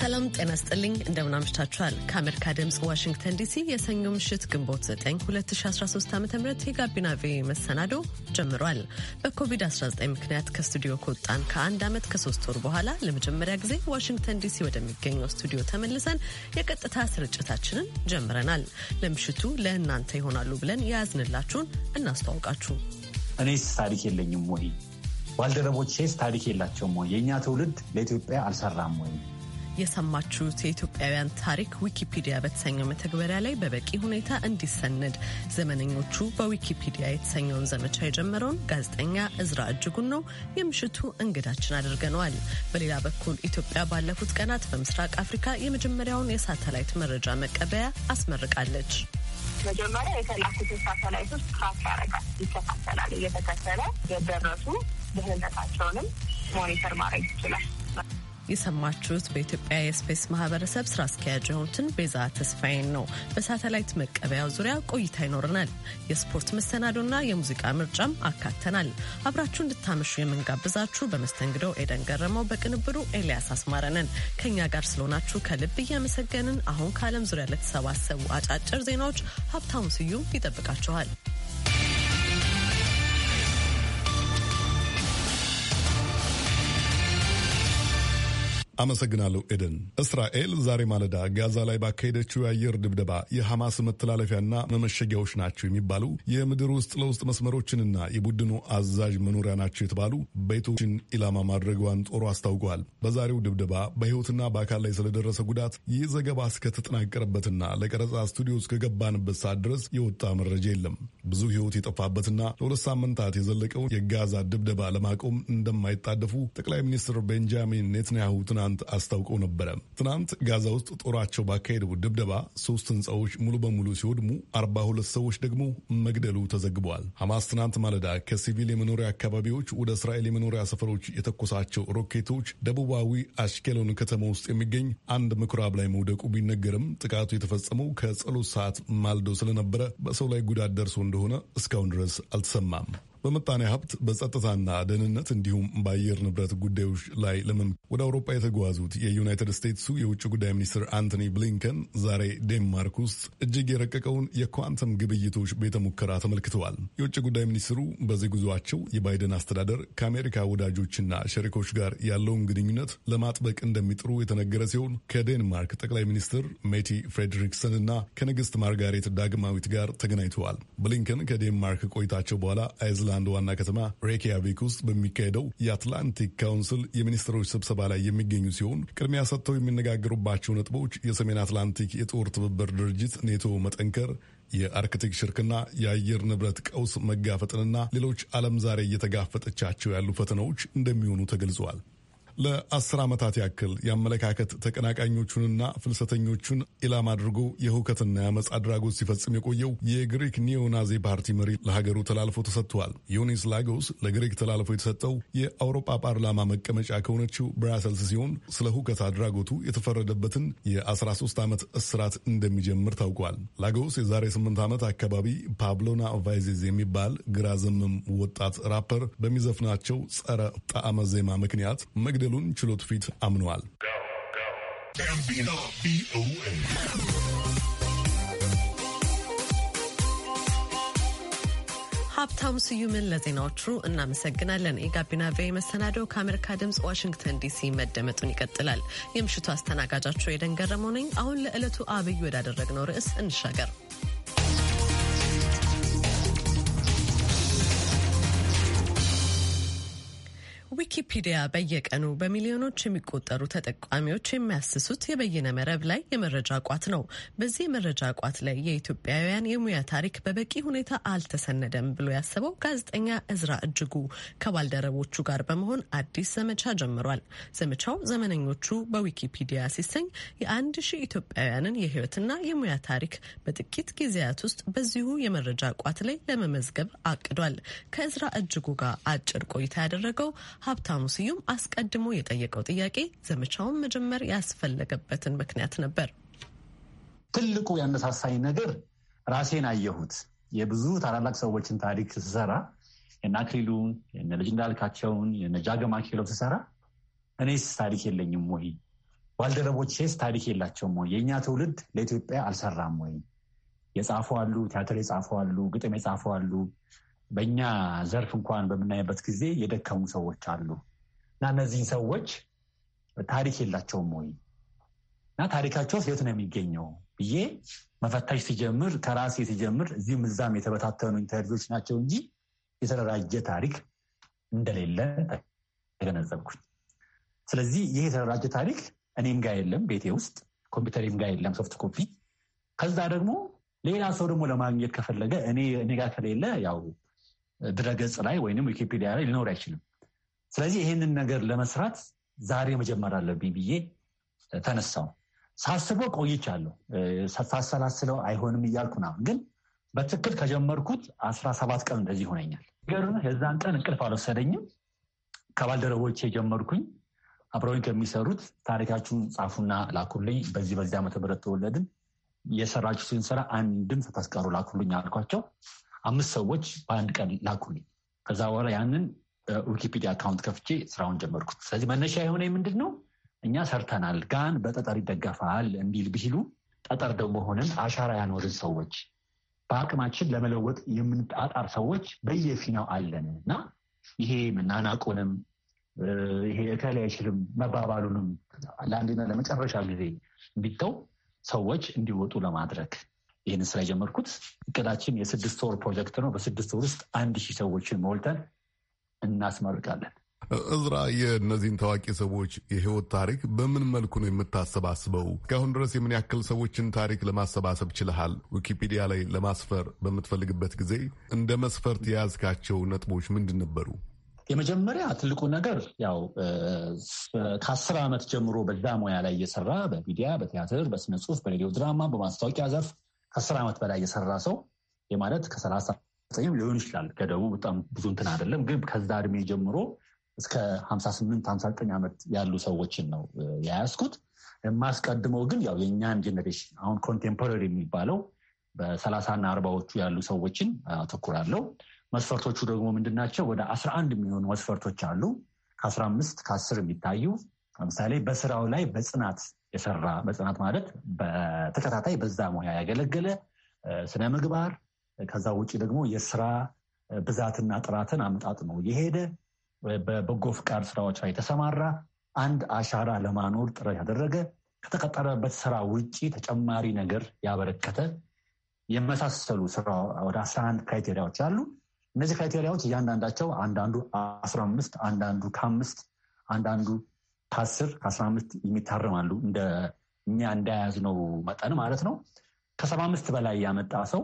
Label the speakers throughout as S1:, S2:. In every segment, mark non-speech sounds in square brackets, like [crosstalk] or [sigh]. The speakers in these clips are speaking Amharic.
S1: ሰላም ጤና ስጥልኝ፣ አምሽታችኋል? ከአሜሪካ ድምፅ ዋሽንግተን ዲሲ የሰኞ ምሽት ግንቦት 9 2013 ዓ ም የጋቢና ቪ መሰናዶ ጀምሯል። በኮቪድ-19 ምክንያት ከስቱዲዮ ከወጣን ከአንድ ዓመት ከሶስት ወር በኋላ ለመጀመሪያ ጊዜ ዋሽንግተን ዲሲ ወደሚገኘው ስቱዲዮ ተመልሰን የቀጥታ ስርጭታችንን ጀምረናል። ለምሽቱ ለእናንተ ይሆናሉ ብለን የያዝንላችሁን እናስተዋውቃችሁ።
S2: እኔስ ታሪክ የለኝም ወይ? ባልደረቦቼስ ታሪክ የላቸውም ወይ? የእኛ ትውልድ ለኢትዮጵያ አልሰራም ወይ?
S1: የሰማችሁት የኢትዮጵያውያን ታሪክ ዊኪፒዲያ በተሰኘው መተግበሪያ ላይ በበቂ ሁኔታ እንዲሰነድ ዘመነኞቹ በዊኪፒዲያ የተሰኘውን ዘመቻ የጀመረውን ጋዜጠኛ እዝራ እጅጉን ነው የምሽቱ እንግዳችን አድርገነዋል። በሌላ በኩል ኢትዮጵያ ባለፉት ቀናት በምስራቅ አፍሪካ የመጀመሪያውን የሳተላይት መረጃ መቀበያ አስመርቃለች።
S3: መጀመሪያ የተላኩትን ሳተላይቶች ትራክ ያደርጋል፣ ይከታተላል። እየተከተለ የደረሱ ደህንነታቸውንም ሞኒተር ማድረግ ይችላል።
S1: የሰማችሁት በኢትዮጵያ የስፔስ ማህበረሰብ ስራ አስኪያጅ የሆኑትን ቤዛ ተስፋዬን ነው። በሳተላይት መቀበያው ዙሪያ ቆይታ ይኖረናል። የስፖርት መሰናዶና የሙዚቃ ምርጫም አካተናል። አብራችሁ እንድታመሹ የምንጋብዛችሁ በመስተንግዶው ኤደን ገረመው፣ በቅንብሩ ኤልያስ አስማረነን ከእኛ ጋር ስለሆናችሁ ከልብ እያመሰገንን አሁን ከዓለም ዙሪያ ለተሰባሰቡ አጫጭር ዜናዎች ሀብታሙ ስዩም ይጠብቃችኋል።
S4: አመሰግናለሁ ኤደን። እስራኤል ዛሬ ማለዳ ጋዛ ላይ ባካሄደችው የአየር ድብደባ የሐማስ መተላለፊያና መመሸጊያዎች ናቸው የሚባሉ የምድር ውስጥ ለውስጥ መስመሮችንና የቡድኑ አዛዥ መኖሪያ ናቸው የተባሉ ቤቶችን ኢላማ ማድረጓን ጦሩ አስታውቋል። በዛሬው ድብደባ በሕይወትና በአካል ላይ ስለደረሰ ጉዳት ይህ ዘገባ እስከተጠናቀረበትና ለቀረጻ ስቱዲዮ እስከገባንበት ሰዓት ድረስ የወጣ መረጃ የለም። ብዙ ሕይወት የጠፋበትና ለሁለት ሳምንታት የዘለቀውን የጋዛ ድብደባ ለማቆም እንደማይጣደፉ ጠቅላይ ሚኒስትር ቤንጃሚን ኔትንያሁ ትናንት ትናንት አስታውቀው ነበረ። ትናንት ጋዛ ውስጥ ጦራቸው ባካሄደው ድብደባ ሶስት ህንፃዎች ሙሉ በሙሉ ሲወድሙ አርባ ሁለት ሰዎች ደግሞ መግደሉ ተዘግበዋል። ሐማስ ትናንት ማለዳ ከሲቪል የመኖሪያ አካባቢዎች ወደ እስራኤል የመኖሪያ ሰፈሮች የተኮሳቸው ሮኬቶች ደቡባዊ አሽኬሎን ከተማ ውስጥ የሚገኝ አንድ ምኩራብ ላይ መውደቁ ቢነገርም ጥቃቱ የተፈጸመው ከጸሎት ሰዓት ማልዶ ስለነበረ በሰው ላይ ጉዳት ደርሶ እንደሆነ እስካሁን ድረስ አልተሰማም። በምጣኔ ሀብት፣ በጸጥታና ደህንነት እንዲሁም በአየር ንብረት ጉዳዮች ላይ ለምን ወደ አውሮፓ የተጓዙት የዩናይትድ ስቴትሱ የውጭ ጉዳይ ሚኒስትር አንቶኒ ብሊንከን ዛሬ ዴንማርክ ውስጥ እጅግ የረቀቀውን የኳንተም ግብይቶች ቤተ ሙከራ ተመልክተዋል። የውጭ ጉዳይ ሚኒስትሩ በዚህ ጉዞአቸው የባይደን አስተዳደር ከአሜሪካ ወዳጆችና ሸሪኮች ጋር ያለውን ግንኙነት ለማጥበቅ እንደሚጥሩ የተነገረ ሲሆን ከዴንማርክ ጠቅላይ ሚኒስትር ሜቲ ፍሬድሪክሰን እና ከንግስት ማርጋሬት ዳግማዊት ጋር ተገናኝተዋል። ብሊንከን ከዴንማርክ ቆይታቸው በኋላ አይዝ ስዊትዘርላንድ ዋና ከተማ ሬኪያቪክ ውስጥ በሚካሄደው የአትላንቲክ ካውንስል የሚኒስትሮች ስብሰባ ላይ የሚገኙ ሲሆን ቅድሚያ ሰጥተው የሚነጋገሩባቸው ነጥቦች የሰሜን አትላንቲክ የጦር ትብብር ድርጅት ኔቶ መጠንከር የአርክቲክ ሽርክና የአየር ንብረት ቀውስ መጋፈጥንና ሌሎች ዓለም ዛሬ እየተጋፈጠቻቸው ያሉ ፈተናዎች እንደሚሆኑ ተገልጸዋል። ለአስር ዓመታት ያክል የአመለካከት ተቀናቃኞቹንና ፍልሰተኞቹን ኢላማ አድርጎ የህውከትና የአመፅ አድራጎት ሲፈጽም የቆየው የግሪክ ኒዮናዚ ፓርቲ መሪ ለሀገሩ ተላልፎ ተሰጥቷል። ዮኒስ ላጎስ ለግሪክ ተላልፎ የተሰጠው የአውሮፓ ፓርላማ መቀመጫ ከሆነችው ብራሰልስ ሲሆን ስለ ህውከት አድራጎቱ የተፈረደበትን የ13 ዓመት እስራት እንደሚጀምር ታውቋል። ላጎስ የዛሬ 8 ዓመት አካባቢ ፓብሎና ቫይዚዝ የሚባል ግራ ዘመም ወጣት ራፐር በሚዘፍናቸው ጸረ ጣዕመ ዜማ ምክንያት መግደ መታገሉን ችሎት ፊት አምነዋል።
S1: ሀብታሙ ስዩምን ለዜናዎቹ እናመሰግናለን። የጋቢና ቪኦኤ መሰናደው ከአሜሪካ ድምፅ ዋሽንግተን ዲሲ መደመጡን ይቀጥላል። የምሽቱ አስተናጋጃቸው የደንገረመው ነኝ። አሁን ለዕለቱ አብይ ወዳደረግነው ርዕስ እንሻገር። ዊኪፒዲያ በየቀኑ በሚሊዮኖች የሚቆጠሩ ተጠቃሚዎች የሚያስሱት የበይነ መረብ ላይ የመረጃ ቋት ነው። በዚህ የመረጃ ቋት ላይ የኢትዮጵያውያን የሙያ ታሪክ በበቂ ሁኔታ አልተሰነደም ብሎ ያሰበው ጋዜጠኛ እዝራ እጅጉ ከባልደረቦቹ ጋር በመሆን አዲስ ዘመቻ ጀምሯል። ዘመቻው ዘመነኞቹ በዊኪፒዲያ ሲሰኝ የአንድ ሺህ ኢትዮጵያውያንን የህይወትና የሙያ ታሪክ በጥቂት ጊዜያት ውስጥ በዚሁ የመረጃ ቋት ላይ ለመመዝገብ አቅዷል። ከእዝራ እጅጉ ጋር አጭር ቆይታ ያደረገው ሀብታሙ ስዩም አስቀድሞ የጠየቀው ጥያቄ ዘመቻውን መጀመር ያስፈለገበትን ምክንያት ነበር።
S2: ትልቁ ያነሳሳኝ ነገር ራሴን አየሁት። የብዙ ታላላቅ ሰዎችን ታሪክ ስሰራ የነ አክሊሉን የነ ልጅ እንዳልካቸውን የነ ጃገማ ስሰራ እኔስ ታሪክ የለኝም ወይ? ባልደረቦቼስ ታሪክ የላቸውም ወይ? የእኛ ትውልድ ለኢትዮጵያ አልሰራም ወይ? የጻፉ አሉ፣ ቲያትር የጻፉ አሉ፣ ግጥም የጻፉ አሉ፣ በእኛ ዘርፍ እንኳን በምናይበት ጊዜ የደከሙ ሰዎች አሉ እና እነዚህን ሰዎች ታሪክ የላቸውም ወይ እና ታሪካቸው የት ነው የሚገኘው ብዬ መፈተሽ ሲጀምር ከራሴ ሲጀምር እዚህም እዛም የተበታተኑ ኢንተርቪዎች ናቸው እንጂ የተደራጀ ታሪክ እንደሌለ ተገነዘብኩኝ። ስለዚህ ይህ የተደራጀ ታሪክ እኔም ጋር የለም፣ ቤቴ ውስጥ ኮምፒውተሬም ጋር የለም፣ ሶፍት ኮፒ። ከዛ ደግሞ ሌላ ሰው ደግሞ ለማግኘት ከፈለገ እኔ ጋር ከሌለ ያው ድረገጽ ላይ ወይም ዊኪፒዲያ ላይ ሊኖር አይችልም። ስለዚህ ይህንን ነገር ለመስራት ዛሬ መጀመር አለብኝ ብዬ ተነሳው። ሳስበው ቆይቻለሁ። ሳሰላስለው አይሆንም እያልኩ ምናምን ግን በትክክል ከጀመርኩት አስራ ሰባት ቀን እንደዚህ ይሆነኛል። ገሩን የዛን ቀን እንቅልፍ አልወሰደኝም። ከባልደረቦች የጀመርኩኝ አብረውኝ ከሚሰሩት ታሪካችሁን ጻፉና ላኩልኝ፣ በዚህ በዚህ ዓመተ ምህረት ተወለድን፣ የሰራችሁትን ስራ አንድም ሳታስቀሩ ላኩልኝ አልኳቸው። አምስት ሰዎች በአንድ ቀን ላኩልኝ። ከዛ በኋላ ያንን ዊኪፒዲያ አካውንት ከፍቼ ስራውን ጀመርኩት። ስለዚህ መነሻ የሆነ ምንድን ነው? እኛ ሰርተናል፣ ጋን በጠጠር ይደገፋል እንዲል ቢሉ ጠጠር ደግሞ ሆነን አሻራ ያኖርን ሰዎች በአቅማችን ለመለወጥ የምንጣጣር ሰዎች በየፊናው አለን እና ይሄ መናናቁንም ይሄ እከሌ አይችልም መባባሉንም ለአንድና ለመጨረሻ ጊዜ ቢተው ሰዎች እንዲወጡ ለማድረግ ይህን ስራ የጀመርኩት። እቅዳችን የስድስት ወር ፕሮጀክት ነው። በስድስት ወር ውስጥ አንድ ሺህ ሰዎችን ሞልተን እናስመርቃለን።
S4: እዝራ የእነዚህን ታዋቂ ሰዎች የህይወት ታሪክ በምን መልኩ ነው የምታሰባስበው? እስካሁን ድረስ የምን ያክል ሰዎችን ታሪክ ለማሰባሰብ ችልሃል? ዊኪፒዲያ ላይ ለማስፈር በምትፈልግበት ጊዜ እንደ መስፈርት የያዝካቸው ነጥቦች ምንድን ነበሩ? የመጀመሪያ ትልቁ ነገር ያው ከአስር ዓመት ጀምሮ በዛ ሙያ ላይ
S2: እየሰራ በሚዲያ፣ በቲያትር፣ በስነ ጽሁፍ፣ በሬዲዮ ድራማ፣ በማስታወቂያ ዘርፍ ከአስር ዓመት በላይ የሰራ ሰው የማለት ከሰላሳ ዘጠኝም ሊሆን ይችላል። ገደቡ በጣም ብዙ እንትን አይደለም፣ ግን ከዛ እድሜ ጀምሮ እስከ ሀምሳ ስምንት ሀምሳ ዘጠኝ ዓመት ያሉ ሰዎችን ነው የያዝኩት። የማስቀድመው ግን ያው የእኛን ጀኔሬሽን አሁን ኮንቴምፖራሪ የሚባለው በሰላሳና አርባዎቹ ያሉ ሰዎችን አተኩራለሁ። መስፈርቶቹ ደግሞ ምንድናቸው? ወደ አስራ አንድ የሚሆኑ መስፈርቶች አሉ። ከአስራ አምስት ከአስር የሚታዩ ለምሳሌ በስራው ላይ በጽናት የሰራ መጽናት ማለት በተከታታይ በዛ ሙያ ያገለገለ ስነ ምግባር፣ ከዛ ውጭ ደግሞ የስራ ብዛትና ጥራትን ነው የሄደ በበጎ ፍቃድ ስራዎች ላይ የተሰማራ አንድ አሻራ ለማኖር ጥረት ያደረገ ከተቀጠረበት ስራ ውጭ ተጨማሪ ነገር ያበረከተ የመሳሰሉ ስራ ወደ አስራ አንድ ክራይቴሪያዎች አሉ። እነዚህ ክራይቴሪያዎች እያንዳንዳቸው አንዳንዱ አስራ አምስት አንዳንዱ ከአምስት አንዳንዱ ከአስር ከአስራ አምስት የሚታረማሉ እንደ እኛ እንዳያዝ ነው መጠን ማለት ነው። ከሰባ አምስት በላይ ያመጣ ሰው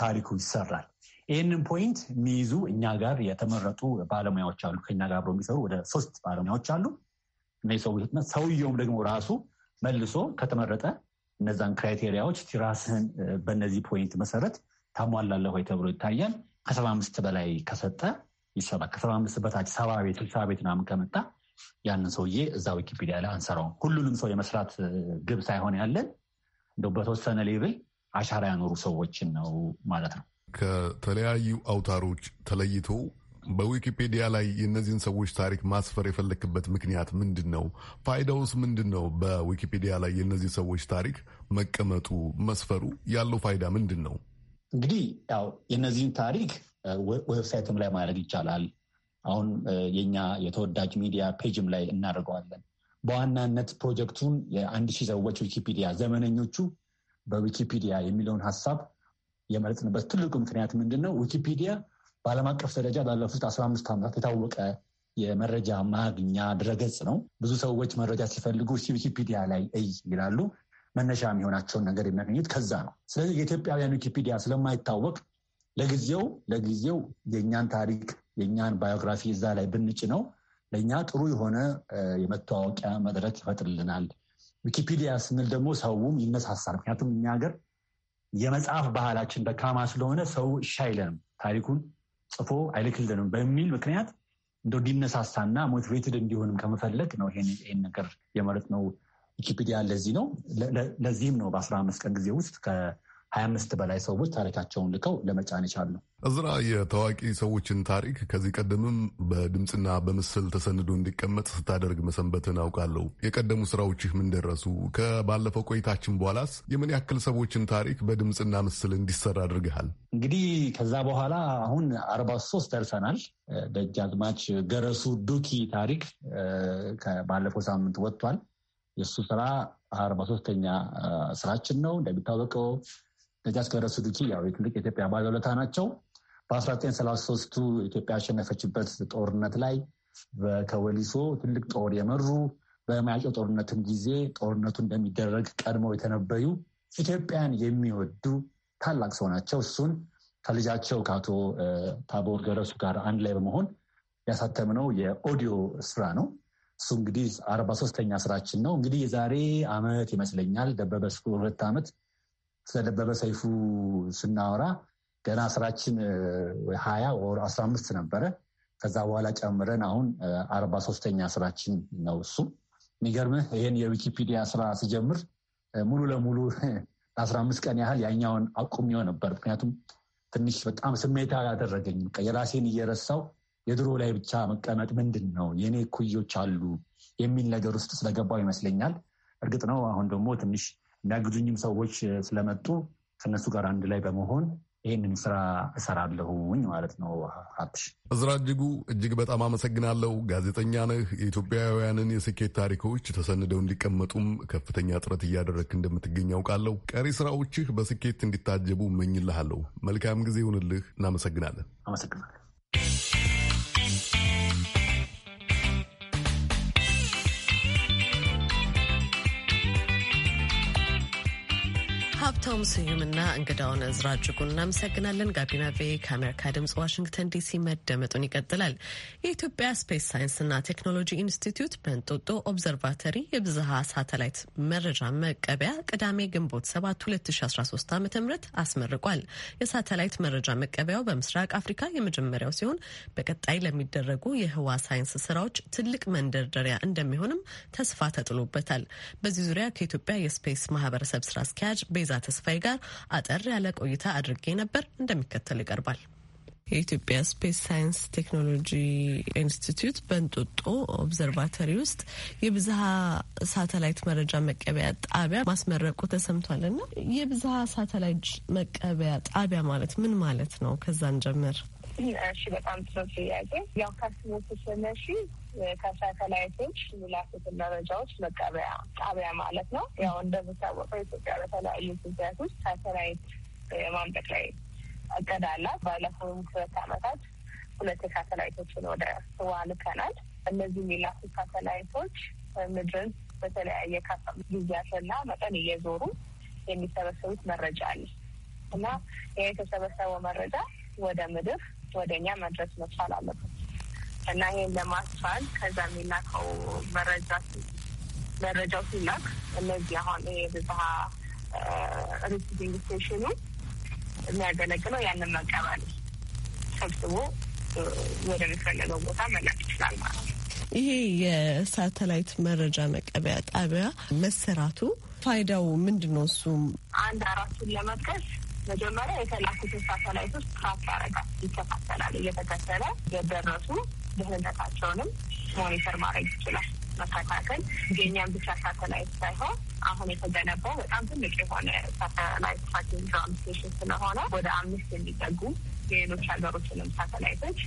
S2: ታሪኩ ይሰራል። ይህንን ፖይንት የሚይዙ እኛ ጋር የተመረጡ ባለሙያዎች አሉ። ከኛ ጋር አብረው የሚሰሩ ወደ ሶስት ባለሙያዎች አሉ። እነዚህ ሰዎች ሰውየውም ደግሞ ራሱ መልሶ ከተመረጠ እነዛን ክራይቴሪያዎች ራስህን በእነዚህ ፖይንት መሰረት ታሟላለህ ወይ ተብሎ ይታያል። ከሰባ አምስት በላይ ከሰጠ ይሰራል። ከሰባ አምስት በታች ሰባ ቤት ስልሳ ቤት ምናምን ከመጣ ያንን ሰውዬ እዛ ዊኪፒዲያ ላይ አንሰራውም። ሁሉንም ሰው የመስራት ግብ ሳይሆን ያለን እንደው በተወሰነ ሌብል አሻራ ያኖሩ ሰዎችን ነው ማለት ነው።
S4: ከተለያዩ አውታሮች ተለይቶ በዊኪፔዲያ ላይ የእነዚህን ሰዎች ታሪክ ማስፈር የፈለክበት ምክንያት ምንድን ነው? ፋይዳውስ ምንድን ነው? በዊኪፔዲያ ላይ የእነዚህ ሰዎች ታሪክ መቀመጡ መስፈሩ ያለው ፋይዳ ምንድን ነው?
S2: እንግዲህ ያው የእነዚህን ታሪክ ዌብሳይትም ላይ ማድረግ ይቻላል። አሁን የኛ የተወዳጅ ሚዲያ ፔጅም ላይ እናደርገዋለን። በዋናነት ፕሮጀክቱን የአንድ ሺህ ሰዎች ዊኪፒዲያ ዘመነኞቹ በዊኪፒዲያ የሚለውን ሀሳብ የመረጥንበት ትልቁ ምክንያት ምንድን ነው? ዊኪፒዲያ በዓለም አቀፍ ደረጃ ባለፉት አስራ አምስት ዓመታት የታወቀ የመረጃ ማግኛ ድረገጽ ነው። ብዙ ሰዎች መረጃ ሲፈልጉ ዊኪፒዲያ ላይ እይ ይላሉ። መነሻ የሚሆናቸውን ነገር የሚያገኙት ከዛ ነው። ስለዚህ የኢትዮጵያውያን ዊኪፒዲያ ስለማይታወቅ ለጊዜው ለጊዜው የእኛን ታሪክ የእኛን ባዮግራፊ እዛ ላይ ብንጭ ነው ለእኛ ጥሩ የሆነ የመተዋወቂያ መድረክ ይፈጥርልናል። ዊኪፒዲያ ስንል ደግሞ ሰውም ይነሳሳል። ምክንያቱም እኛ ሀገር የመጽሐፍ ባህላችን ደካማ ስለሆነ ሰው እሺ አይለንም፣ ታሪኩን ጽፎ አይልክልንም በሚል ምክንያት እንደ እንዲነሳሳና ሞቲቬትድ እንዲሆንም ከመፈለግ ነው ይሄን ነገር የመረጥ ነው። ዊኪፒዲያ ለዚህ ነው። ለዚህም ነው በአስራ አምስት ቀን ጊዜ ውስጥ ሀያ አምስት በላይ ሰዎች ታሪካቸውን ልከው ለመጫን የቻሉ።
S4: እዝራ የታዋቂ ሰዎችን ታሪክ ከዚህ ቀደምም በድምፅና በምስል ተሰንዶ እንዲቀመጥ ስታደርግ መሰንበትን አውቃለሁ። የቀደሙ ስራዎችህ ምን ደረሱ? ከባለፈው ቆይታችን በኋላስ የምን ያክል ሰዎችን ታሪክ በድምፅና ምስል እንዲሰራ አድርገሃል?
S2: እንግዲህ ከዛ በኋላ አሁን አርባ ሶስት ደርሰናል። ደጃዝማች ገረሱ ዱኪ ታሪክ ባለፈው ሳምንት ወጥቷል። የእሱ ስራ አርባ ሶስተኛ ስራችን ነው እንደሚታወቀው ደጃች ገብረ ሥሉጂ ያው ትልቅ የኢትዮጵያ ባለውለታ ናቸው። በ1933ቱ ኢትዮጵያ ያሸነፈችበት ጦርነት ላይ ከወሊሶ ትልቅ ጦር የመሩ በማያጨው ጦርነትም ጊዜ ጦርነቱ እንደሚደረግ ቀድመው የተነበዩ ኢትዮጵያን የሚወዱ ታላቅ ሰው ናቸው። እሱን ከልጃቸው ከአቶ ታቦር ገረሱ ጋር አንድ ላይ በመሆን ያሳተምነው የኦዲዮ ስራ ነው። እሱ እንግዲህ አርባ ሶስተኛ ስራችን ነው። እንግዲህ የዛሬ አመት ይመስለኛል ደበበ ሁለት ዓመት ስለደበበ ሰይፉ ስናወራ ገና ስራችን ሀያ ወር አስራ አምስት ነበረ። ከዛ በኋላ ጨምረን አሁን አርባ ሶስተኛ ስራችን ነው እሱ። የሚገርምህ ይህን የዊኪፒዲያ ስራ ስጀምር ሙሉ ለሙሉ [laughs] ለአስራ አምስት ቀን ያህል ያኛውን አቁሜው ነበር። ምክንያቱም ትንሽ በጣም ስሜታ ያደረገኝ የራሴን እየረሳው የድሮ ላይ ብቻ መቀመጥ ምንድን ነው የእኔ ኩዮች አሉ የሚል ነገር ውስጥ ስለገባው ይመስለኛል። እርግጥ ነው አሁን ደግሞ ትንሽ የሚያግዙኝም ሰዎች ስለመጡ ከነሱ ጋር አንድ ላይ በመሆን ይህንን ስራ እሰራለሁኝ ማለት ነው። ሀብሽ
S4: እዝራ እጅጉ እጅግ በጣም አመሰግናለሁ። ጋዜጠኛ ነህ። የኢትዮጵያውያንን የስኬት ታሪኮች ተሰንደው እንዲቀመጡም ከፍተኛ ጥረት እያደረግክ እንደምትገኝ ያውቃለሁ። ቀሪ ስራዎችህ በስኬት እንዲታጀቡ እመኝልሃለሁ። መልካም ጊዜ ይሁንልህ። እናመሰግናለን። አመሰግናለሁ።
S1: ሀብታሙ ስዩምና እንግዳውን እዝራ እጅጉን እናመሰግናለን። ጋቢና ቬ ከአሜሪካ ድምጽ ዋሽንግተን ዲሲ መደመጡን ይቀጥላል። የኢትዮጵያ ስፔስ ሳይንስና ቴክኖሎጂ ኢንስቲትዩት በእንጦጦ ኦብዘርቫተሪ የብዝሃ ሳተላይት መረጃ መቀበያ ቅዳሜ ግንቦት 7 2013 ዓ ም አስመርቋል። የሳተላይት መረጃ መቀበያው በምስራቅ አፍሪካ የመጀመሪያው ሲሆን በቀጣይ ለሚደረጉ የህዋ ሳይንስ ስራዎች ትልቅ መንደርደሪያ እንደሚሆንም ተስፋ ተጥሎበታል። በዚህ ዙሪያ ከኢትዮጵያ የስፔስ ማህበረሰብ ስራ አስኪያጅ ቤዛ ተስፋዬ ጋር አጠር ያለ ቆይታ አድርጌ ነበር። እንደሚከተል ይቀርባል። የኢትዮጵያ ስፔስ ሳይንስ ቴክኖሎጂ ኢንስቲትዩት በእንጦጦ ኦብዘርቫተሪ ውስጥ የብዝሃ ሳተላይት መረጃ መቀበያ ጣቢያ ማስመረቁ ተሰምቷል ና የብዝሃ ሳተላይት መቀበያ ጣቢያ ማለት ምን ማለት ነው? ከዛን ጀምር።
S3: እሺ፣ በጣም ጥሩ ጥያቄ። ያው ካስቦት ስነሺ ከሳተላይቶች ሙላቶችን መረጃዎች መቀበያ ጣቢያ ማለት ነው። ያው እንደሚታወቀው ኢትዮጵያ በተለያዩ ጊዜያት ውስጥ ሳተላይት የማምጠቅ ላይ እቅድ አላት። ባለፉት ሁለት አመታት ሁለት የሳተላይቶችን ወደ ህዋ ልከናል። እነዚህ የሚላኩ ሳተላይቶች ምድርን በተለያየ ካፋ ጊዜያትና መጠን እየዞሩ የሚሰበሰቡት መረጃ አለ እና ይህ የተሰበሰበው መረጃ ወደ ምድር ወደ እኛ መድረስ መቻል አለበት እና ይህን ለማስቻል ከዛ የሚላከው መረጃ መረጃው ሲላክ እነዚህ አሁን ይሄ ብዝሃ ሪሲቪንግ ስቴሽኑ የሚያገለግለው ያንን መቀበል ሰብስቦ ወደሚፈለገው ቦታ መላክ ይችላል ማለት ነው።
S1: ይሄ የሳተላይት መረጃ መቀበያ ጣቢያ መሰራቱ ፋይዳው ምንድን ነው? እሱም
S3: አንድ አራቱን ለመጥቀስ መጀመሪያ የተላኩትን ሳተላይቶች ትራክ ያረጋል፣ ይከፋፈላል። እየተከተለ የደረሱ ደህንነታቸውንም ሞኒተር ማድረግ ይችላል። መከታተል የእኛም ብቻ ሳተላይት ሳይሆን አሁን የተገነባው በጣም ትልቅ የሆነ ሳተላይት ትራኪንግ ግራውንድ ስቴሽን ስለሆነ ወደ አምስት የሚጠጉ የሌሎች ሀገሮችንም ሳተላይቶች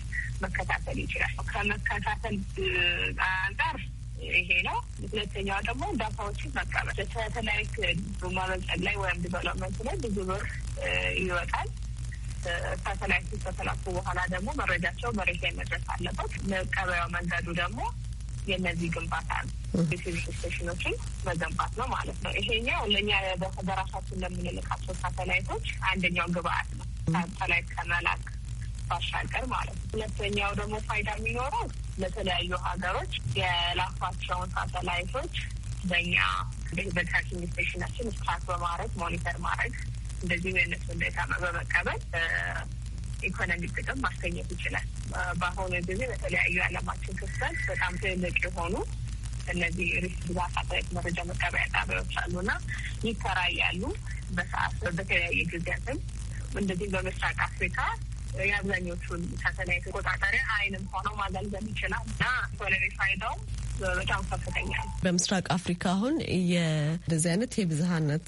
S3: መከታተል ይችላል። ከመከታተል አንጻር ይሄ ነው። ሁለተኛዋ ደግሞ ዳታዎችን መቀበል ለሳተላይት ማበልጸግ ላይ ወይም ዲቨሎፕመንት ላይ ብዙ ብር ይወጣል። ሳተላይቱ ከተላኩ በኋላ ደግሞ መረጃቸው መሬት ላይ መድረስ አለበት። መቀበያው መንገዱ ደግሞ የእነዚህ ግንባታ ነው። ስቴሽኖችን መገንባት ነው ማለት ነው። ይሄኛው ለእኛ በራሳችን ለምንልካቸው ሳተላይቶች አንደኛው ግብአት ነው። ሳተላይት ከመላክ ባሻገር ማለት ነው። ሁለተኛው ደግሞ ፋይዳ የሚኖረው ለተለያዩ ሀገሮች የላኳቸውን ሳተላይቶች በእኛ በትራኪንግ ስቴሽናችን ስትራክ በማድረግ ሞኒተር ማድረግ እንደዚህ አይነት ሁኔታ በመቀበል ኢኮኖሚ ጥቅም ማስገኘት ይችላል። በአሁኑ ጊዜ በተለያዩ የዓለማችን ክፍል በጣም ትልቅ የሆኑ እነዚህ ሪስክ ብዛት አጠያቂ መረጃ መቀበያ ጣቢያዎች አሉና ይከራያሉ። በሰዓት በተለያየ ጊዜያትም እንደዚህ በምስራቅ አፍሪካ የአብዛኞቹን ሳተላይት ቆጣጠሪያ አይንም ሆነው ማገልገል ይችላል እና ኢኮኖሚ ፋይዳውም በጣም ከፍተኛ
S1: በምስራቅ አፍሪካ አሁን እንደዚህ አይነት የብዝሀነት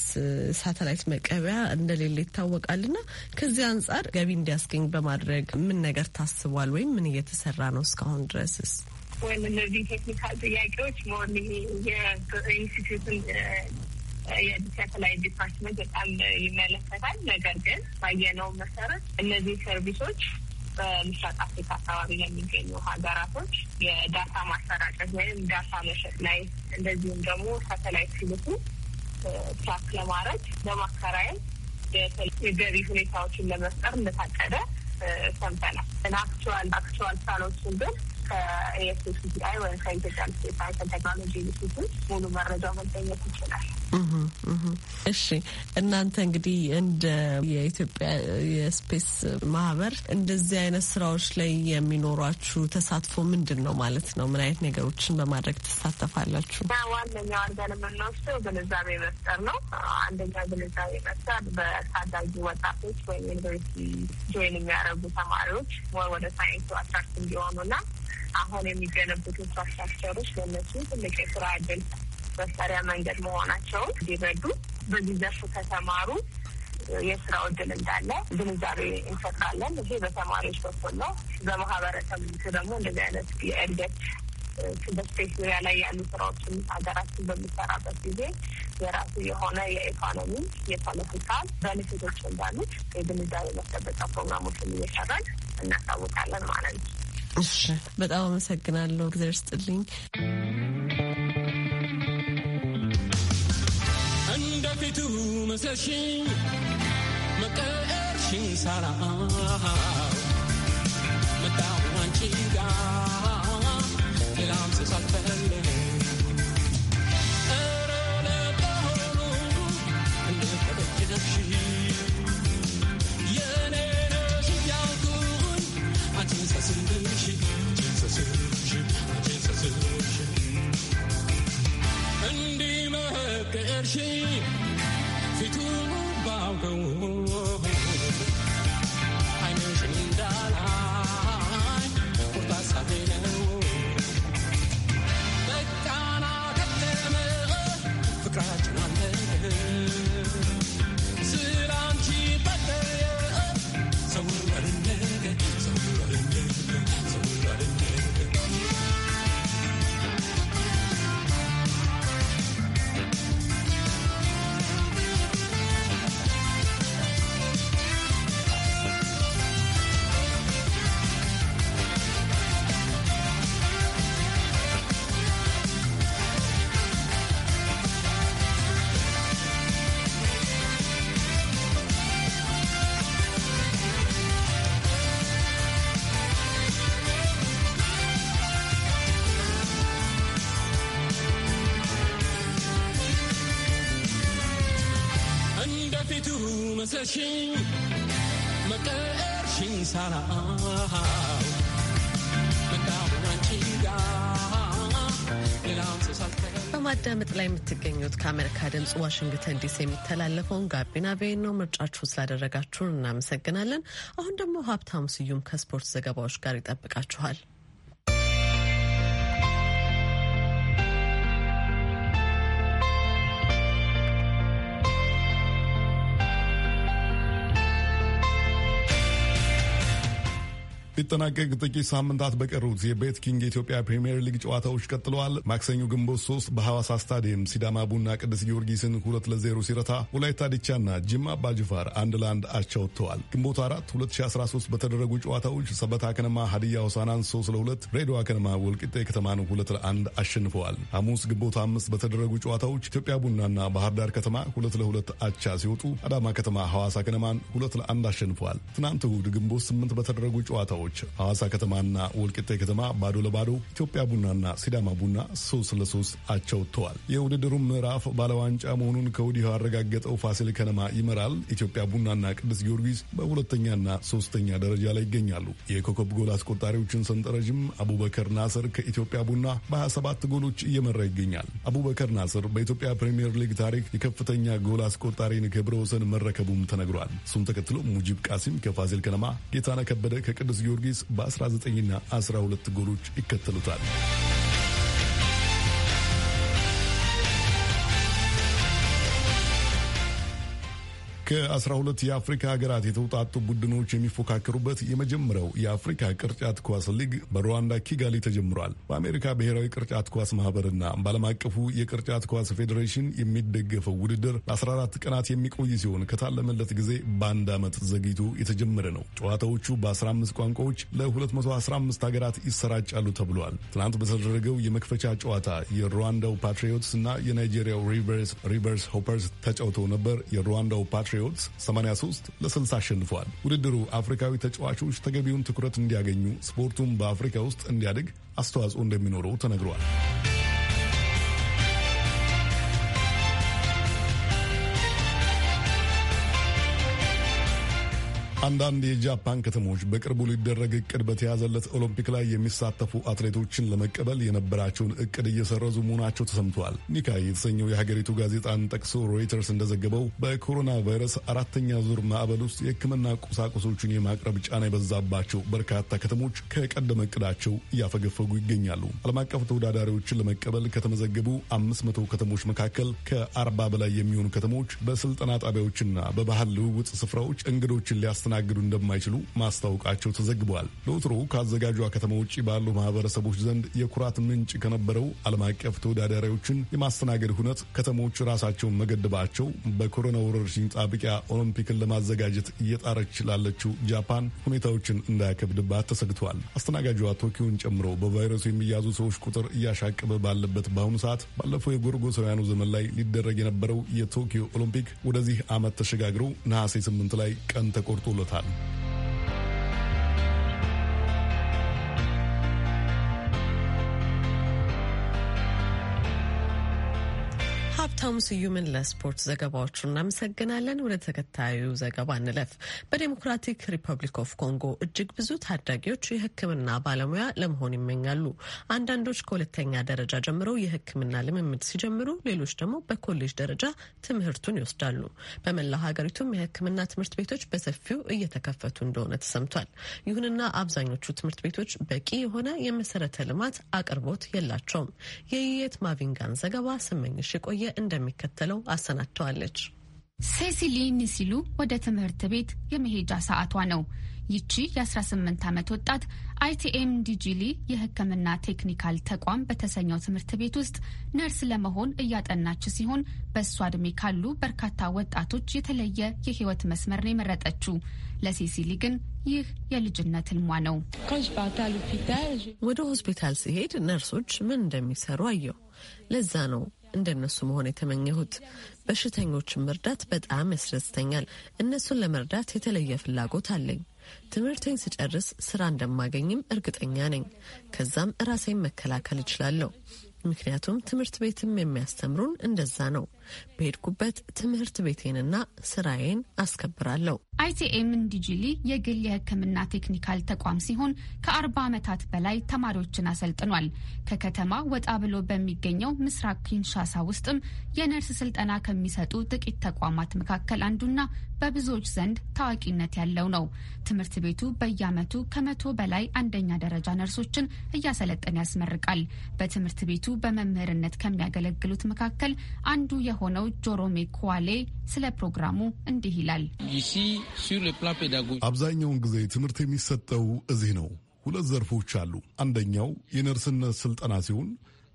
S1: ሳተላይት መቀበያ እንደሌለ ይታወቃል። ና ከዚህ አንጻር ገቢ እንዲያስገኝ በማድረግ ምን ነገር ታስቧል ወይም ምን እየተሰራ ነው እስካሁን ድረስስ?
S3: ወይም እነዚህ ቴክኒካል ጥያቄዎች መሆን ይሄ የኢንስቲትዩትን የሳተላይት ዲፓርትመንት በጣም ይመለከታል። ነገር ግን ባየነው መሰረት እነዚህ ሰርቪሶች በምስራቅ አፍሪካ አካባቢ ለሚገኙ ሀገራቶች የዳታ ማሰራጨት ወይም ዳታ መሸጥ ላይ እንደዚሁም ደግሞ ሳተላይት ሲልኩ ትራክ ለማድረግ በማከራየም የገቢ ሁኔታዎችን ለመፍጠር እንደታቀደ ሰምተናል። አክቹዋል አክቹዋል ሳሎችን ግን ከኤስሲቲአይ ወይም ከኢትዮጵያ ስቴት ሳይንስ ቴክኖሎጂ ኢንስቲትዩት ሙሉ መረጃው መገኘት ይችላል።
S1: እሺ እናንተ እንግዲህ እንደ የኢትዮጵያ የስፔስ ማህበር እንደዚህ አይነት ስራዎች ላይ የሚኖሯችሁ ተሳትፎ ምንድን ነው ማለት ነው? ምን አይነት ነገሮችን በማድረግ ትሳተፋላችሁ?
S3: ዋነኛው አድርገን የምንወስደው ግንዛቤ መፍጠር ነው። አንደኛ ግንዛቤ መፍጠር በታዳጊ ወጣቶች ወይም ዩኒቨርሲቲ ጆይን የሚያደርጉ ተማሪዎች ወደ ሳይንሱ አትራክት እንዲሆኑና አሁን የሚገነቡት ኢንፍራስትራክቸሮች ለነሱ ትልቅ የስራ እድል መሳሪያ መንገድ መሆናቸውን ሊረዱ በዚህ ዘርፍ ከተማሩ የስራ እድል እንዳለ ግንዛቤ እንፈጥራለን። ይሄ በተማሪዎች በኩል ነው። በማህበረሰብ ደግሞ እንደዚህ አይነት የእድገት በስፔስ ዙሪያ ላይ ያሉ ስራዎችን ሀገራችን በሚሰራበት ጊዜ የራሱ የሆነ የኢኮኖሚ፣ የፖለቲካ በንፊቶች እንዳሉት የግንዛቤ ማስጨበጫ ፕሮግራሞችን እየሰራን እናሳውቃለን ማለት ነው።
S1: እሺ፣ በጣም አመሰግናለሁ። ጊዜ ስጥልኝ።
S5: ምሰሽኝ መቀርሽኝ ሳላ መጣሁ አንቺ ጋር ሌላም ሰው መስለሽኝ
S1: በማዳመጥ ላይ የምትገኙት ከአሜሪካ ድምጽ ዋሽንግተን ዲሲ የሚተላለፈውን ጋቢና ቬን ነው። ምርጫችሁ ስላደረጋችሁን እናመሰግናለን። አሁን ደግሞ ሀብታሙ ስዩም ከስፖርት ዘገባዎች ጋር ይጠብቃችኋል።
S4: ሊጠናቀቅ ጥቂት ሳምንታት በቀሩት የቤት ኪንግ የኢትዮጵያ ፕሪምየር ሊግ ጨዋታዎች ቀጥለዋል። ማክሰኞ ግንቦት ሶስት በሐዋሳ ስታዲየም ሲዳማ ቡና ቅዱስ ጊዮርጊስን ሁለት ለዜሮ ሲረታ ወላይታ ዲቻና ጅማ አባጅፋር አንድ ለአንድ አቻ ግንቦት አራት 2013 በተደረጉ ጨዋታዎች ሰበታ ከነማ ሀዲያ ሆሳናን 3 ለ ሬዲዋ ከነማ ወልቂጤ ከተማን ሁለት ለአንድ አሸንፈዋል። ሐሙስ ግንቦት አምስት በተደረጉ ጨዋታዎች ኢትዮጵያ ቡናና ባህር ዳር ከተማ ሁለት ለሁለት አቻ ሲወጡ አዳማ ከተማ ሐዋሳ ከነማን ሁለት ለአንድ አሸንፈዋል። ትናንት እሁድ ግንቦት ስምንት በተደረጉ ጨዋታዎች ግጥሚያዎች ሐዋሳ ከተማና ወልቂጤ ከተማ ባዶ ለባዶ፣ ኢትዮጵያ ቡናና ሲዳማ ቡና ሶስት ለሶስት አቻ ወጥተዋል። የውድድሩም ምዕራፍ ባለዋንጫ መሆኑን ከወዲሁ ያረጋገጠው ፋሲል ከነማ ይመራል። ኢትዮጵያ ቡናና ቅዱስ ጊዮርጊስ በሁለተኛና ሶስተኛ ደረጃ ላይ ይገኛሉ። የኮከብ ጎል አስቆጣሪዎችን ሰንጠረዥም አቡበከር ናስር ከኢትዮጵያ ቡና በ27 ጎሎች እየመራ ይገኛል። አቡበከር ናስር በኢትዮጵያ ፕሪምየር ሊግ ታሪክ የከፍተኛ ጎል አስቆጣሪን ክብረ ወሰን መረከቡም ተነግሯል። እሱም ተከትሎ ሙጂብ ቃሲም ከፋሲል ከነማ፣ ጌታነ ከበደ ከቅዱስ ጊዮርጊስ ጊዮርጊስ በ19ና 12 ጎሎች ይከተሉታል። ከ12 የአፍሪካ ሀገራት የተውጣጡ ቡድኖች የሚፎካከሩበት የመጀመሪያው የአፍሪካ ቅርጫት ኳስ ሊግ በሩዋንዳ ኪጋሊ ተጀምሯል። በአሜሪካ ብሔራዊ ቅርጫት ኳስ ማህበርና በዓለም አቀፉ የቅርጫት ኳስ ፌዴሬሽን የሚደገፈው ውድድር ለ14 ቀናት የሚቆይ ሲሆን ከታለመለት ጊዜ በአንድ ዓመት ዘግይቶ የተጀመረ ነው። ጨዋታዎቹ በ15 ቋንቋዎች ለ215 ሀገራት ይሰራጫሉ ተብሏል። ትናንት በተደረገው የመክፈቻ ጨዋታ የሩዋንዳው ፓትሪዮትስ እና የናይጄሪያው ሪቨርስ ሆፐርስ ተጫውተው ነበር። የሩዋንዳው ፓትሪ ፓትሪዮትስ 83 ለ60 አሸንፏል። ውድድሩ አፍሪካዊ ተጫዋቾች ተገቢውን ትኩረት እንዲያገኙ፣ ስፖርቱም በአፍሪካ ውስጥ እንዲያድግ አስተዋጽኦ እንደሚኖረው ተነግሯል። አንዳንድ የጃፓን ከተሞች በቅርቡ ሊደረግ እቅድ በተያዘለት ኦሎምፒክ ላይ የሚሳተፉ አትሌቶችን ለመቀበል የነበራቸውን እቅድ እየሰረዙ መሆናቸው ተሰምተዋል። ኒካይ የተሰኘው የሀገሪቱ ጋዜጣን ጠቅሶ ሮይተርስ እንደዘገበው በኮሮና ቫይረስ አራተኛ ዙር ማዕበል ውስጥ የሕክምና ቁሳቁሶችን የማቅረብ ጫና የበዛባቸው በርካታ ከተሞች ከቀደመ እቅዳቸው እያፈገፈጉ ይገኛሉ። ዓለም አቀፍ ተወዳዳሪዎችን ለመቀበል ከተመዘገቡ 500 ከተሞች መካከል ከ40 በላይ የሚሆኑ ከተሞች በስልጠና ጣቢያዎችና በባህል ልውውጥ ስፍራዎች እንግዶችን ሊያስ ሊያስተናግዱ እንደማይችሉ ማስታወቃቸው ተዘግበዋል። ለወትሮ ከአዘጋጇ ከተማ ውጭ ባሉ ማህበረሰቦች ዘንድ የኩራት ምንጭ ከነበረው ዓለም አቀፍ ተወዳዳሪዎችን የማስተናገድ ሁነት ከተሞች ራሳቸውን መገደባቸው በኮሮና ወረርሽኝ ጣብቂያ ኦሎምፒክን ለማዘጋጀት እየጣረች ላለችው ጃፓን ሁኔታዎችን እንዳያከብድባት ተሰግተዋል። አስተናጋጇ ቶኪዮን ጨምሮ በቫይረሱ የሚያዙ ሰዎች ቁጥር እያሻቀበ ባለበት በአሁኑ ሰዓት ባለፈው የጎርጎሳውያኑ ዘመን ላይ ሊደረግ የነበረው የቶኪዮ ኦሎምፒክ ወደዚህ ዓመት ተሸጋግሮ ነሐሴ ስምንት ላይ ቀን ተቆርጦ ብሎታል።
S1: ሀብታሙ ስዩምን ለስፖርት ዘገባዎቹ እናመሰግናለን። ወደ ተከታዩ ዘገባ እንለፍ። በዴሞክራቲክ ሪፐብሊክ ኦፍ ኮንጎ እጅግ ብዙ ታዳጊዎች የሕክምና ባለሙያ ለመሆን ይመኛሉ። አንዳንዶች ከሁለተኛ ደረጃ ጀምሮ የሕክምና ልምምድ ሲጀምሩ፣ ሌሎች ደግሞ በኮሌጅ ደረጃ ትምህርቱን ይወስዳሉ። በመላው ሀገሪቱም የሕክምና ትምህርት ቤቶች በሰፊው እየተከፈቱ እንደሆነ ተሰምቷል። ይሁንና አብዛኞቹ ትምህርት ቤቶች በቂ የሆነ የመሰረተ ልማት አቅርቦት የላቸውም። የየት ማቪንጋን ዘገባ ስመኝሽ የቆየ እንደሚከተለው አሰናድተዋለች።
S6: ሴሲሊ ኒሲሉ ወደ ትምህርት ቤት የመሄጃ ሰዓቷ ነው። ይቺ የ18 ዓመት ወጣት አይቲኤም ዲጂሊ የሕክምና ቴክኒካል ተቋም በተሰኘው ትምህርት ቤት ውስጥ ነርስ ለመሆን እያጠናች ሲሆን በእሷ እድሜ ካሉ በርካታ ወጣቶች የተለየ የህይወት መስመር ነው የመረጠችው። ለሴሲሊ ግን ይህ የልጅነት ህልሟ ነው። ወደ ሆስፒታል
S1: ሲሄድ ነርሶች ምን እንደሚሰሩ አየው። ለዛ ነው እንደነሱ መሆን የተመኘሁት። በሽተኞችን መርዳት በጣም ያስደስተኛል። እነሱን ለመርዳት የተለየ ፍላጎት አለኝ። ትምህርቴን ስጨርስ ስራ እንደማገኝም እርግጠኛ ነኝ። ከዛም ራሴን መከላከል እችላለሁ። ምክንያቱም ትምህርት ቤትም የሚያስተምሩን እንደዛ ነው። በሄድኩበት ትምህርት ቤቴንና ስራዬን አስከብራለሁ።
S6: አይቲኤም እንዲጂሊ የግል የሕክምና ቴክኒካል ተቋም ሲሆን ከአርባ ዓመታት በላይ ተማሪዎችን አሰልጥኗል። ከከተማ ወጣ ብሎ በሚገኘው ምስራቅ ኪንሻሳ ውስጥም የነርስ ስልጠና ከሚሰጡ ጥቂት ተቋማት መካከል አንዱና በብዙዎች ዘንድ ታዋቂነት ያለው ነው። ትምህርት ቤቱ በየዓመቱ ከመቶ በላይ አንደኛ ደረጃ ነርሶችን እያሰለጠነ ያስመርቃል። በትምህርት ቤቱ በመምህርነት ከሚያገለግሉት መካከል አንዱ የሆነው ጆሮሜ ኩዋሌ ስለ ፕሮግራሙ እንዲህ ይላል።
S4: አብዛኛውን ጊዜ ትምህርት የሚሰጠው እዚህ ነው። ሁለት ዘርፎች አሉ። አንደኛው የነርስነት ስልጠና ሲሆን፣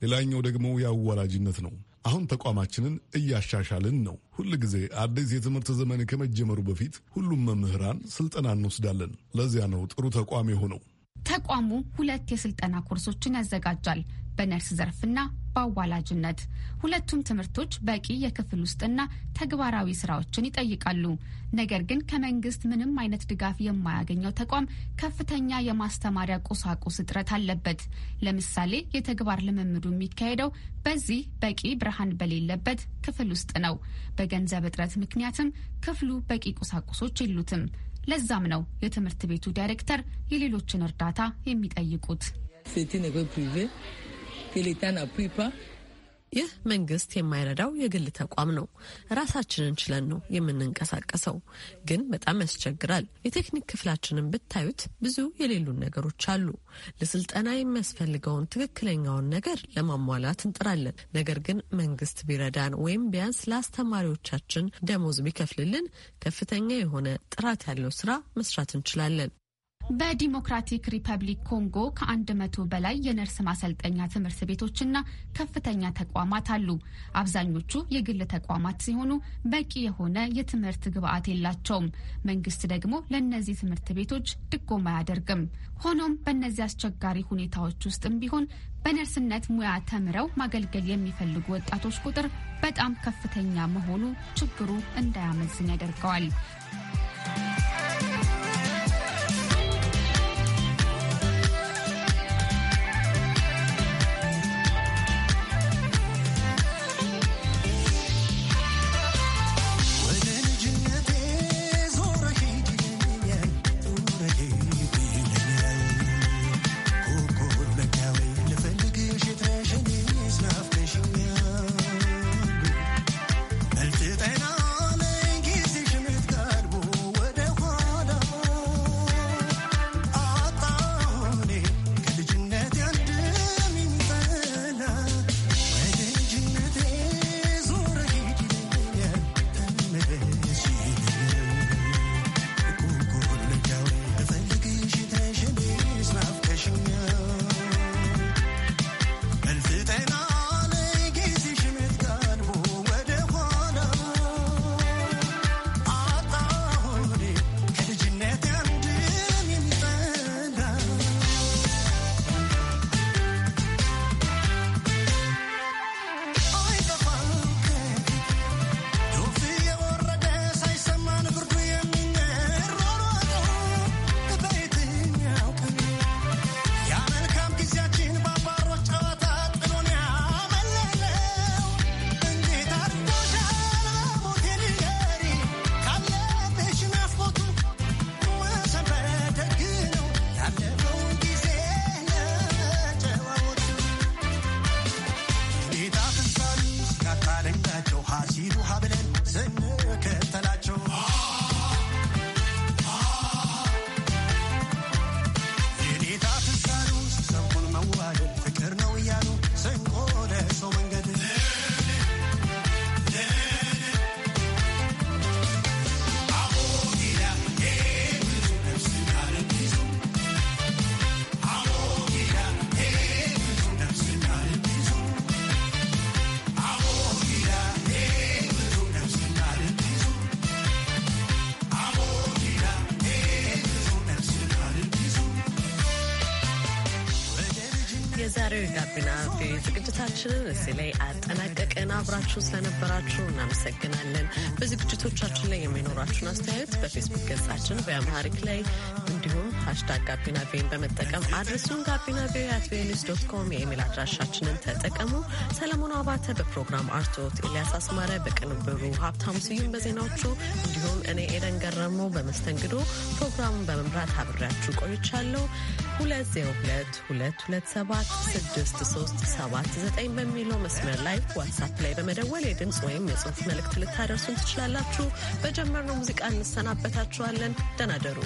S4: ሌላኛው ደግሞ የአዋላጅነት ነው። አሁን ተቋማችንን እያሻሻልን ነው። ሁል ጊዜ አዲስ የትምህርት ዘመን ከመጀመሩ በፊት ሁሉም መምህራን ስልጠና እንወስዳለን። ለዚያ ነው ጥሩ ተቋም የሆነው።
S6: ተቋሙ ሁለት የስልጠና ኮርሶችን ያዘጋጃል። በነርስ ዘርፍና በአዋላጅነት ሁለቱም ትምህርቶች በቂ የክፍል ውስጥና ተግባራዊ ስራዎችን ይጠይቃሉ። ነገር ግን ከመንግስት ምንም አይነት ድጋፍ የማያገኘው ተቋም ከፍተኛ የማስተማሪያ ቁሳቁስ እጥረት አለበት። ለምሳሌ የተግባር ልምምዱ የሚካሄደው በዚህ በቂ ብርሃን በሌለበት ክፍል ውስጥ ነው። በገንዘብ እጥረት ምክንያትም ክፍሉ በቂ ቁሳቁሶች የሉትም። ለዛም ነው የትምህርት ቤቱ ዳይሬክተር የሌሎችን እርዳታ የሚጠይቁት።
S1: ይህ መንግስት የማይረዳው የግል ተቋም ነው። ራሳችንን ችለን ነው የምንንቀሳቀሰው፣ ግን በጣም ያስቸግራል። የቴክኒክ ክፍላችንን ብታዩት ብዙ የሌሉን ነገሮች አሉ። ለስልጠና የሚያስፈልገውን ትክክለኛውን ነገር ለማሟላት እንጥራለን። ነገር ግን መንግስት ቢረዳን ወይም ቢያንስ ለአስተማሪዎቻችን ደሞዝ ቢከፍልልን ከፍተኛ የሆነ ጥራት ያለው ስራ
S6: መስራት እንችላለን። በዲሞክራቲክ ሪፐብሊክ ኮንጎ ከአንድ መቶ በላይ የነርስ ማሰልጠኛ ትምህርት ቤቶችና ከፍተኛ ተቋማት አሉ። አብዛኞቹ የግል ተቋማት ሲሆኑ በቂ የሆነ የትምህርት ግብዓት የላቸውም። መንግስት ደግሞ ለእነዚህ ትምህርት ቤቶች ድጎማ አያደርግም። ሆኖም በእነዚህ አስቸጋሪ ሁኔታዎች ውስጥም ቢሆን በነርስነት ሙያ ተምረው ማገልገል የሚፈልጉ ወጣቶች ቁጥር በጣም ከፍተኛ መሆኑ ችግሩ እንዳያመዝን ያደርገዋል።
S1: fina-finan ዝግጅታችንን እዚህ ላይ አጠናቀቀን። አብራችሁ ስለነበራችሁ እናመሰግናለን። በዝግጅቶቻችን ላይ የሚኖራችሁን አስተያየት በፌስቡክ ገጻችን በአምሃሪክ ላይ እንዲሁም ሀሽታግ ጋቢና ቪን በመጠቀም አድረሱን። ጋቢና ቪ አት ቪኒስ ዶት ኮም የኢሜል አድራሻችንን ተጠቀሙ። ሰለሞኑ አባተ በፕሮግራም አርቶት፣ ኤልያስ አስማረ በቅንብሩ፣ ሀብታሙ ስዩም በዜናዎቹ እንዲሁም እኔ ኤደን ገረሞ በመስተንግዶ ፕሮግራሙን በመምራት አብሬያችሁ ቆይቻለሁ። 202227 63 ዘጠኝ በሚለው መስመር ላይ ዋትሳፕ ላይ በመደወል የድምፅ ወይም የጽሁፍ መልእክት ልታደርሱን ትችላላችሁ። በጀመርነው ሙዚቃ እንሰናበታችኋለን። ደናደሩ